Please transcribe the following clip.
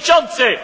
przewodniczący!